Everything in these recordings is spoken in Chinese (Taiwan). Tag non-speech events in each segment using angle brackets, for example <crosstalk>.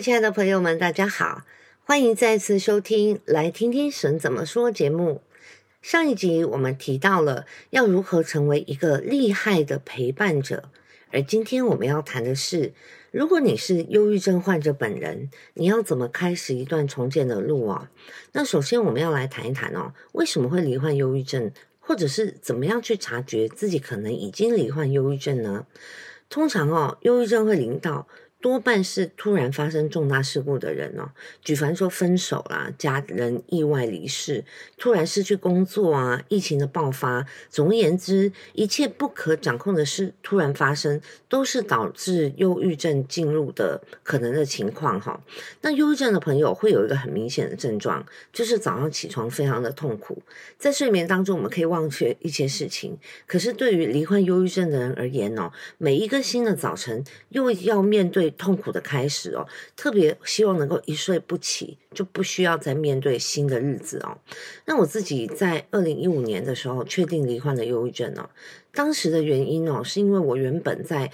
親愛的朋友們，大家好，歡迎再次收聽《來聽聽神怎麼說》節目。上一集我們提到了要如何成為一個厲害的陪伴者，而今天我們要談的是，如果你是憂鬱症患者本人，你要怎麼開始一段重建的路啊？那首先我們要來談一談哦，為什麼會罹患憂鬱症，或者是怎麼樣去察覺自己可能已經罹患憂鬱症呢？通常哦，憂鬱症會臨到。多半是突然發生重大事故的人哦，舉凡說分手啦、啊、家人意外離世、突然失去工作啊、疫情的爆發，總而言之，一切不可掌控的事突然發生，都是導致憂鬱症進入的可能的情況哈、哦。那憂鬱症的朋友會有一個很明顯的症狀，就是早上起床非常的痛苦，在睡眠當中我們可以忘卻一些事情，可是對於罹患憂鬱症的人而言呢、哦，每一個新的早晨又要面對。痛苦的開始哦，特別希望能夠一睡不起，就不需要再面對新的日子哦。那我自己在二零一五年的時候，確定罹患了憂鬱症哦。當時的原因哦，是因為我原本在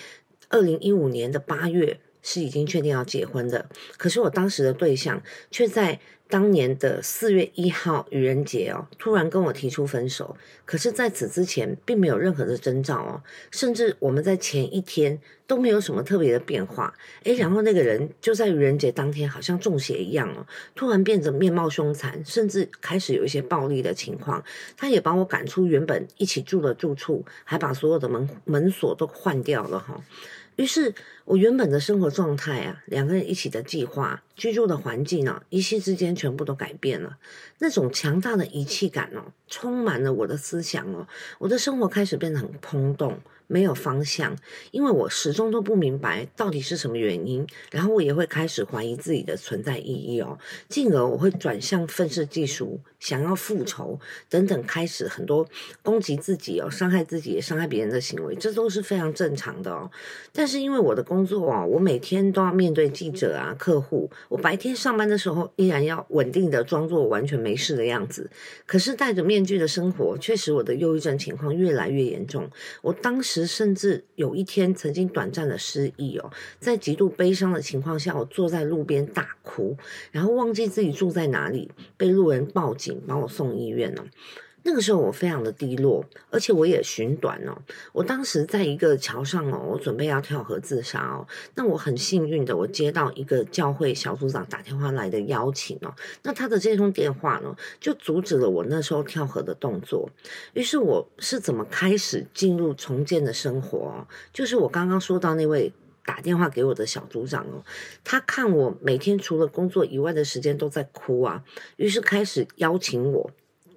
二零一五年的八月。是已經確定要結婚的，可是我當時的對象卻在當年的四月一號愚人節哦，突然跟我提出分手。可是在此之前並沒有任何的徵兆哦，甚至我們在前一天都沒有什麼特別的變化。誒，然後那個人就在愚人節當天好像中邪一樣哦，突然變得面貌兇殘，甚至開始有一些暴力的情況。他也把我趕出原本一起住的住處，還把所有的門門鎖都換掉了哈、哦。於是，我原本的生活狀態啊，兩個人一起的計劃、居住的環境啊，一夕之間全部都改變了。那種強大的遺棄感哦、啊，充滿了我的思想哦、啊，我的生活開始變得很空洞。沒有方向，因為我始終都不明白到底是什麼原因，然後我也會開始懷疑自己的存在意義哦，進而我會轉向憤世嫉俗，想要復仇等等，開始很多攻擊自己哦、傷害自己、傷害別人的行為，這都是非常正常的哦。但是因為我的工作哦，我每天都要面對記者啊、客戶，我白天上班的時候依然要穩定的裝作完全沒事的樣子，可是戴着面具的生活卻使我的憂鬱症情況越來越嚴重。我當時。甚至有一天，曾經短暫的失憶哦，在極度悲傷的情況下，我坐在路邊大哭，然後忘記自己住在哪裡，被路人報警把我送醫院了哦。那個時候我非常的低落，而且我也尋短哦。我當時在一個橋上哦，我準備要跳河自殺哦。那我很幸運的，我接到一個教會小組長打電話來的邀請哦。那他的這通電話呢，就阻止了我那時候跳河的動作。於是我是怎麼開始進入重建的生活哦，就是我剛剛說到那位打電話給我的小組長哦，他看我每天除了工作以外的時間都在哭啊，於是開始邀請我。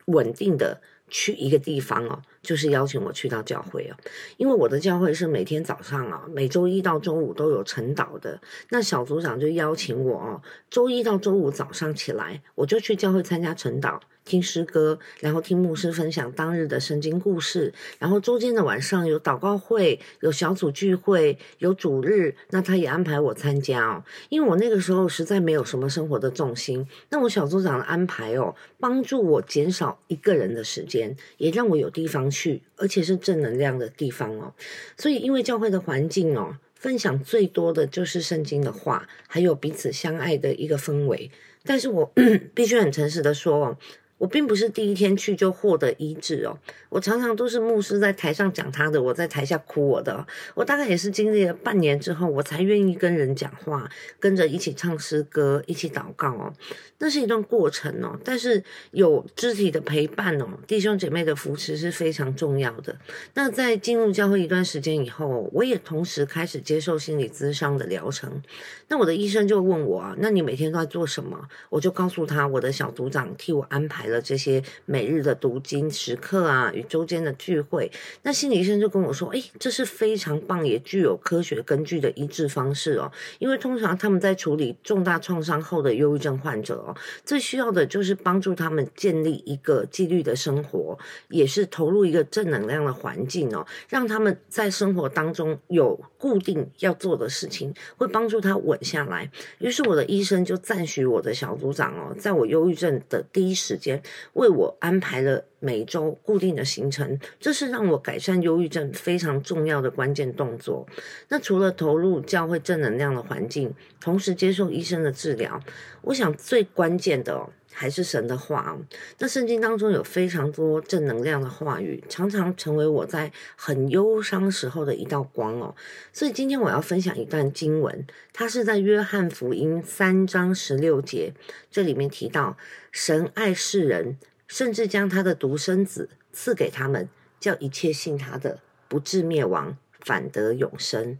穩定的去一個地方哦，就是邀請我去到教會哦，因為我的教會是每天早上啊，每週一到週五都有晨禱的，那小組長就邀請我哦，週一到週五早上起來，我就去教會參加晨禱，聽詩歌，然後聽牧師分享當日的聖經故事，然後週間的晚上有禱告會，有小組聚會，有主日，那他也安排我參加哦。因為我那個時候實在沒有什麼生活的重心，那我小組長的安排哦，幫助我減少一個人的時間，也讓我有地方去，而且是正能量的地方哦。所以，因為教會的環境哦，分享最多的就是聖經的話，還有彼此相愛的一個氛圍。但是我 <coughs> 必須很誠實的說哦。我並不是第一天去就獲得醫治哦，我常常都是牧師在台上講他的，我在台下哭我的哦。我大概也是經歷了半年之後，我才願意跟人講話，跟着一起唱詩歌，一起禱告哦。那是一段過程哦，但是有肢體的陪伴哦，弟兄姐妹的扶持是非常重要的。那在進入教會一段時間以後，我也同時開始接受心理諮商的療程。那我的醫生就問我啊，那你每天都在做什麼？我就告訴他，我的小組長替我安排。了這些每日的讀經時刻啊，與週間的聚會，那心理醫生就跟我說：“誒，這是非常棒，也具有科學根據的醫治方式哦。因為通常他們在處理重大創傷後的憂鬱症患者哦，最需要的就是幫助他們建立一個紀律的生活，也是投入一個正能量的環境哦，讓他們在生活當中有固定要做的事情，會幫助他穩下來。於是我的醫生就讚許我的小組長哦，在我憂鬱症的第一時間。”為我安排了每周固定的行程，這是讓我改善憂鬱症非常重要的關鍵動作。那除了投入教會正能量的環境，同時接受醫生的治療，我想最關鍵的哦，還是神的話。那聖經當中有非常多正能量的話語，常常成為我在很憂傷時候的一道光哦。所以今天我要分享一段經文，它是在約翰福音三章十六節，這裡面提到。神愛世人，甚至將他的獨生子賜給他們，叫一切信他的，不致滅亡，反得永生。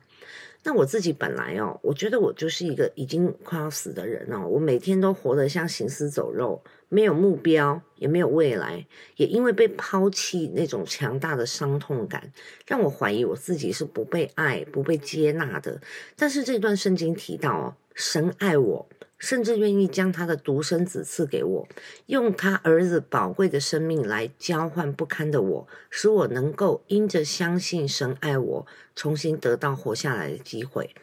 那我自己本來哦，我覺得我就是一個已經快要死的人哦，我每天都活得像行屍走肉，沒有目標，也沒有未來，也因為被拋棄那種強大的傷痛感，讓我懷疑我自己是不被愛、不被接納的。但是這段聖經提到哦，神愛我。甚至願意將他的獨生子賜給我，用他兒子寶貴的生命來交換不堪的我，使我能夠因着相信神愛我，重新得到活下來的機會。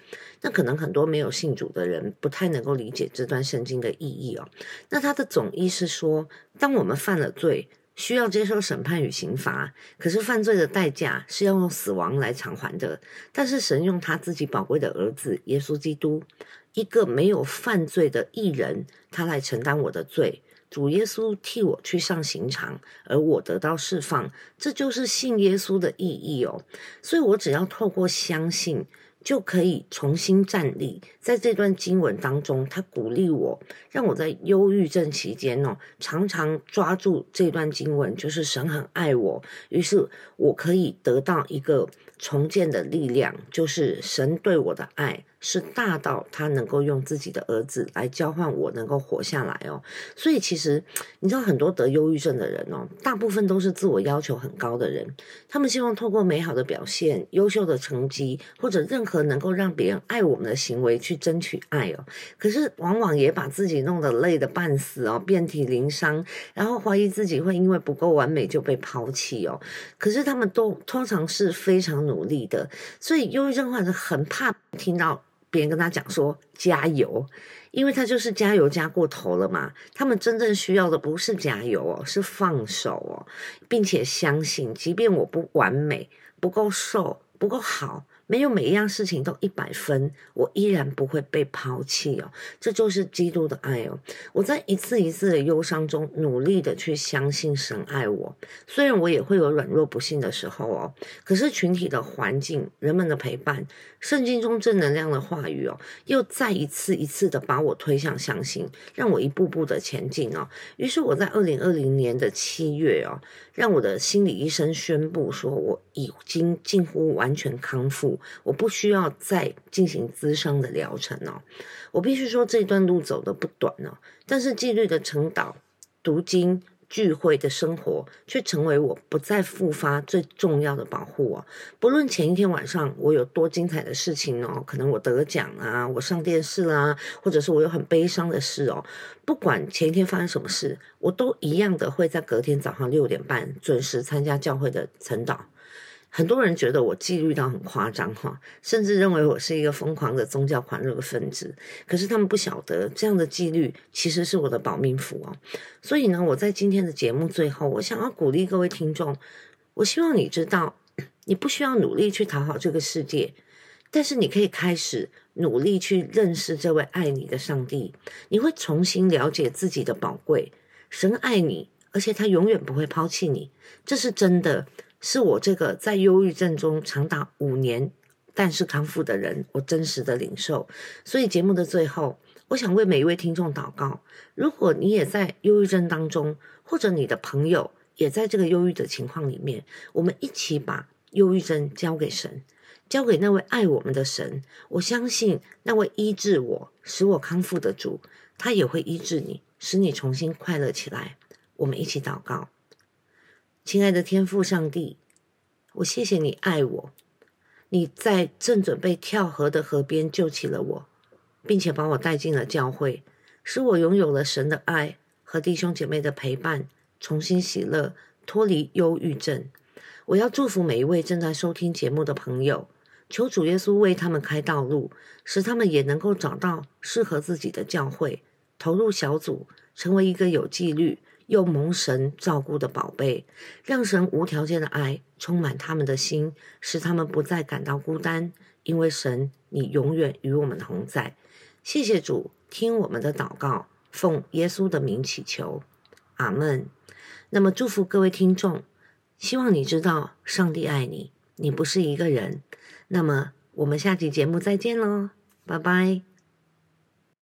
那可能很多沒有信主的人不太能夠理解這段聖經的意義哦。那他的總意是說，當我們犯了罪，需要接受審判與刑罰，可是犯罪的代價是要用死亡來償還的。但是神用他自己寶貴的兒子耶穌基督。一個沒有犯罪的義人，他來承擔我的罪，主耶穌替我去上刑場，而我得到釋放，這就是信耶穌的意義哦。所以我只要透過相信，就可以重新站立。在這段經文當中，他鼓勵我，讓我在憂鬱症期間哦，常常抓住這段經文，就是神很愛我，於是我可以得到一個重建的力量，就是神對我的愛。是大到他能夠用自己的兒子來交換我能夠活下來哦，所以其實你知道很多得憂鬱症的人哦，大部分都是自我要求很高的人，他們希望透過美好的表現、優秀的成績或者任何能夠讓別人愛我們的行為去爭取愛哦，可是往往也把自己弄得累得半死哦，遍體鱗傷，然後懷疑自己會因為不夠完美就被拋棄哦，可是他們都通常是非常努力的，所以憂鬱症患者很怕聽到。別人跟他講說加油，因為他就是加油加過頭了嘛。他們真正需要的不是加油哦，是放手哦，並且相信，即便我不完美、不夠瘦、不夠好。沒有每一樣事情都一百分，我依然不會被拋棄哦，這就是基督的愛哦。我在一次一次的憂傷中，努力的去相信神愛我，雖然我也會有軟弱不信的時候哦，可是群體的環境、人們的陪伴、聖經中正能量的話語哦，又再一次一次的把我推向相信，讓我一步步的前進哦。於是我在二零二零年的七月哦，讓我的心理醫生宣布說我。已經近乎完全康復，我不需要再進行諮商的療程哦。我必須說，這段路走得不短哦，但是紀律的晨禱、讀經。聚會的生活卻成為我不再復發最重要的保護哦，不論前一天晚上我有多精彩的事情哦，可能我得獎啊，我上電視啦、啊，或者是我有很悲傷的事哦，不管前一天發生什麼事，我都一樣的會在隔天早上六點半準時參加教會的晨禱。很多人覺得我紀律到很誇張哈，甚至認為我是一個瘋狂的宗教狂熱的分子。可是他們不曉得，這樣的紀律其實是我的保命符哦。所以呢，我在今天的節目最後，我想要鼓勵各位聽眾，我希望你知道，你不需要努力去討好這個世界，但是你可以開始努力去認識這位愛你的上帝。你會重新了解自己的寶貴，神愛你，而且他永遠不會拋棄你，這是真的。是我這個在憂鬱症中長達五年但是康復的人，我真實的領受。所以節目的最後，我想為每一位聽眾禱告：如果你也在憂鬱症當中，或者你的朋友也在這個憂鬱的情況裡面，我們一起把憂鬱症交給神，交給那位愛我們的神。我相信那位醫治我、使我康復的主，他也會醫治你，使你重新快樂起來。我們一起禱告。親愛的天父上帝，我謝謝你愛我，你在正準備跳河的河邊救起了我，並且把我帶進了教會，使我擁有了神的愛和弟兄姐妹的陪伴，重新喜樂，脫離憂鬱症。我要祝福每一位正在收聽節目的朋友，求主耶穌為他們開道路，使他們也能夠找到適合自己的教會，投入小組，成為一個有紀律，又蒙神照顧的寶貝，讓神無條件的愛充滿他們的心，使他們不再感到孤單，因為神，你永遠與我們同在。謝謝主，聽我們的禱告，奉耶穌的名祈求，阿門。那麼祝福各位聽眾，希望你知道上帝愛你，你不是一個人。那麼我們下期節目再見嘍，拜拜。